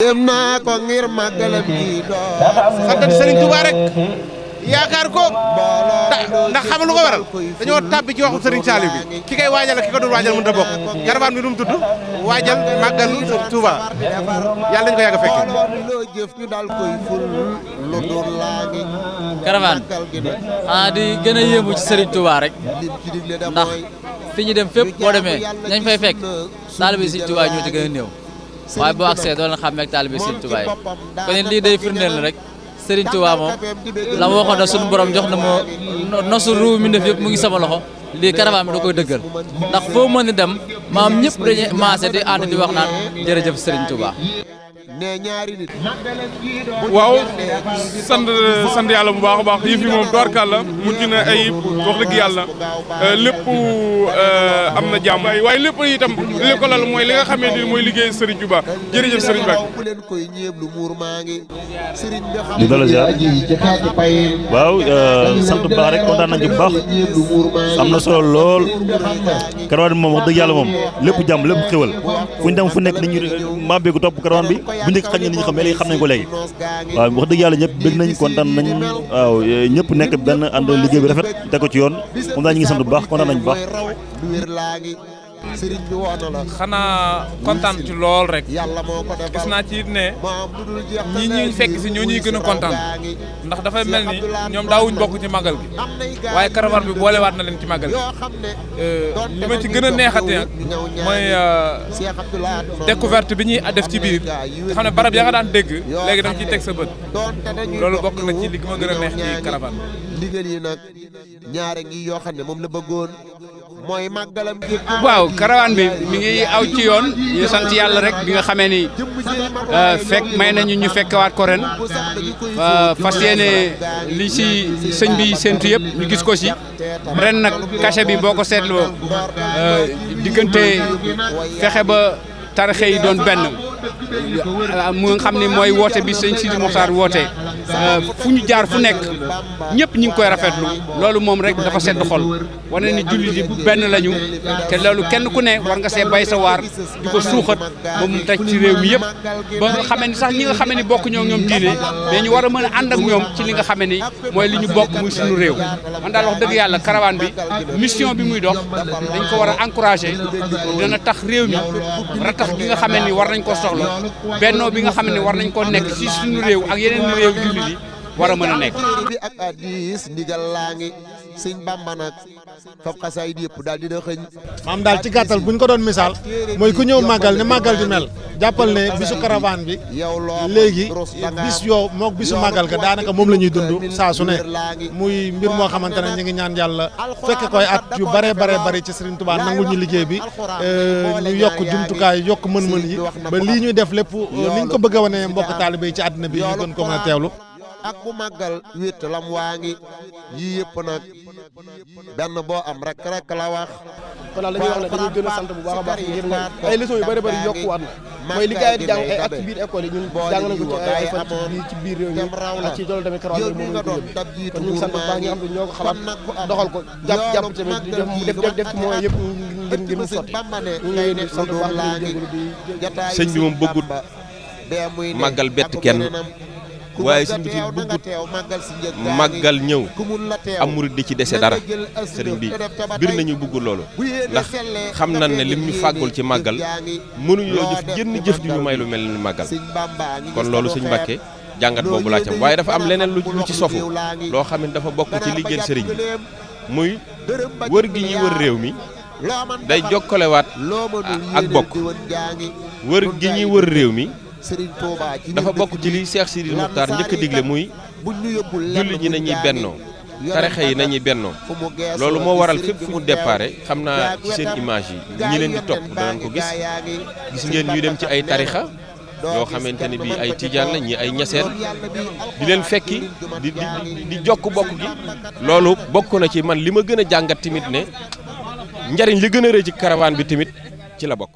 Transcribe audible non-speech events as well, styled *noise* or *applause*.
dem naa ko ngir màggalam gi doon santat rek *laughs* hmm. yaakaar ko ndax xamal lu ko waral dañoo tàbbi ci waxu Serigne Saliou bi ki koy waajal ak ki ko dul waajal mënut a bokk caravane bi nu mu tudd waajal màggal Touba yàlla nañu ko yàgg a fekke loo jëf ñu ah, di gën a ci Serigne Touba rek ndax fi ñu dem fépp boo demee nañ fay fekk taalibe Serigne Touba ñoo ci gën a néew waaye boo àggsee doo leen xam ne taalibe Sëriñ Tuubaa yi kon lii day firndeel rek Sëriñ Tuubaa moom la ma waxoon suñu boroom jox na ma nosu ruu mi def yëpp mu ngi sama loxo lii caravane bi da koy dëggal ndax foo mën a dem maam ñëpp dañuy maase di ànd di wax naan jërëjëf Sëriñ tubaa ne ñaari nit. waaw sant sant yàlla bu baax a baax yëf yi moom doorkaal la mujj na ayib wax dëgg yàlla euh, lépp euh, am na jàmm. waaye lépp itam li ko lal mooy li nga xamee ni mooy liggéey Serigne Touba jërëjëf Serigne Ba. di doon la ziar waaw euh, sant baax rek kontaan nañu bu baax am na solo lool karawaan bi moom wax dëgg yàlla moom lépp jàmm lépp xéwal fu ñu dem fu nekk dañuy màbbee ko topp karawaan bi. bu njëkk xañ na ñu xam mais léegi xam nañ ko léegi waaw wax dëgg yàlla ñëpp bëgg nañ kontaan nañ waaw ñëpp nekk benn ànd liggéey bi rafet te ko ci yoon moom daal ñu sant baax kontaan nañ baax sëriñ bi woo na la. xanaa kontaan ci lool rek. yàlla moo ko gis naa ci it ne. ñi ñuy fekk si ñoo ñuy gën a kontaan ndax dafay mel ni ñoom daawuñ bokk ci màggal gi waaye caravane bi boolewaat na leen ci màggal gi euh, li ma ci gën a neexate nag mooy euh, découverte bi ñuy def ci biir nga xam ne barab ya nga daan dégg léegi da nga ciy teg sa bët loolu bokk na ci li ma gën a neex ci caravane bi. yoo xam ne moom la bëggoon. mooy màggalam gi. waaw karawaan bi mi ngi aw ci yoon ñu sant yàlla rek bi nga xamee ni euh, fekk may nañu ñu fekk waat ko ren euh, fas yéene li si sëñ bi séntu yëpp ñu gis ko si ren nag cachet bi boo ko seetloo euh, diggante fexe ba tarixe yi doon benn mu nga xam ni mooy woote bi sëñ Sidi Moxtaar woote. Euh, fu ñu jaar fu nekk ñëpp ñu ngi koy rafetlu loolu moom rek dafa sedd xol wane ni jullit yi benn lañu te loolu kenn ku ne war nga see bay sa waar di ko suuxat ba mu taj ci réew mi yëpp ba nga xamee ni sax ñi nga xamee ni bokk ñoo ñoom diine mais ñu war a mën a ànd ak ñoom ci li nga xamee ni mooy li ñu bokk muy suñu réew man daal wax dëgg yàlla caravane bi mission bi muy dox dañ ko war a encourager dana tax réew mi ratax gi nga xamee ni war nañ ko soxla bennoo bi nga xamee ni war nañ ko nekk ci li mën a nekk bi ak addis ndigal laa ngi sëñ Bàmba nag yëpp daal dina xëñ maam daal ci gàttal bu ñu ko doon misaal mooy ku ñëw màggal ne màggal di mel jàppal ne bisu caravane bi léegi bis yow mook bisu màggal ga daanaka moom la ñuy dund saa su ne muy mbir moo xamante ne ñu ngi ñaan yàlla fekk koy at yu bare bare bari ci Serigne Touba nangul ñu liggéey bi euh, ñu yokk jumtukaay yokk mën-mën yi ba lii ñuy def lépp ni ñu ko bëgg a mbokk taalibe yi ci àddina bi ñu gën ko mën a ak bu màggal witt lam waa ngi yii yëpp nag benn boo am rek rek la wax. kon daal dañuy wax ne dañuy gën a sant bu baax a baax ngir ne ay leçons yu bëri bëri yokkuwaat na mooy li gars yi di jàng ay at ci biir école yi ñun jàng nañ ko ci ay fan ci biir réew mi ak ci loolu tamit keroog moom lañ ko yóbbu kon ñu ngi sant bu baax ñi nga xam ne ñoo ko xalaat doxal ko jàpp jàpp tamit def def def ci mooy yëpp ngir ngir mu sotti ñu bi moom bëggut màggal bett kenn. waaye sëñ bi tamit bëggut màggal ñëw am murid di ci dese dara sëriñ bi bir nañu bëgg loolu ndax xam nañ ne lim ñu fàggul ci màggal mënuñu loo jëf jënn jëf ju ñu may lu mel ni màggal kon loolu sëñ Mbàkke jàngat boobu laa cam waaye dafa am leneen lu ci sofu loo xam ne dafa bokk ci liggéey sëriñ bi muy wër gi ñuy wër réew mi day jokkalewaat ak bokk wër gi ñuy wër réew mi Serigne Touba dafa bokk ci li Cheikh Sidi Mokhtar njëkk a digle muy julli ñi nañuy bennoo tarixa yi nañuy bennoo loolu moo waral fépp fu mu déparé xam naa ci seen image yi ñi leen di topp danañ ko gis gis ngeen ñuy dem ci ay tarixa yoo xamante ne bii ay tiijaan la ay ñaseen di leen fekki di di di jokk bokk gi loolu bokk na ci man li ma gën a jàngat tamit ne njariñ li gën a rëy ci caravane bi tamit ci la bokk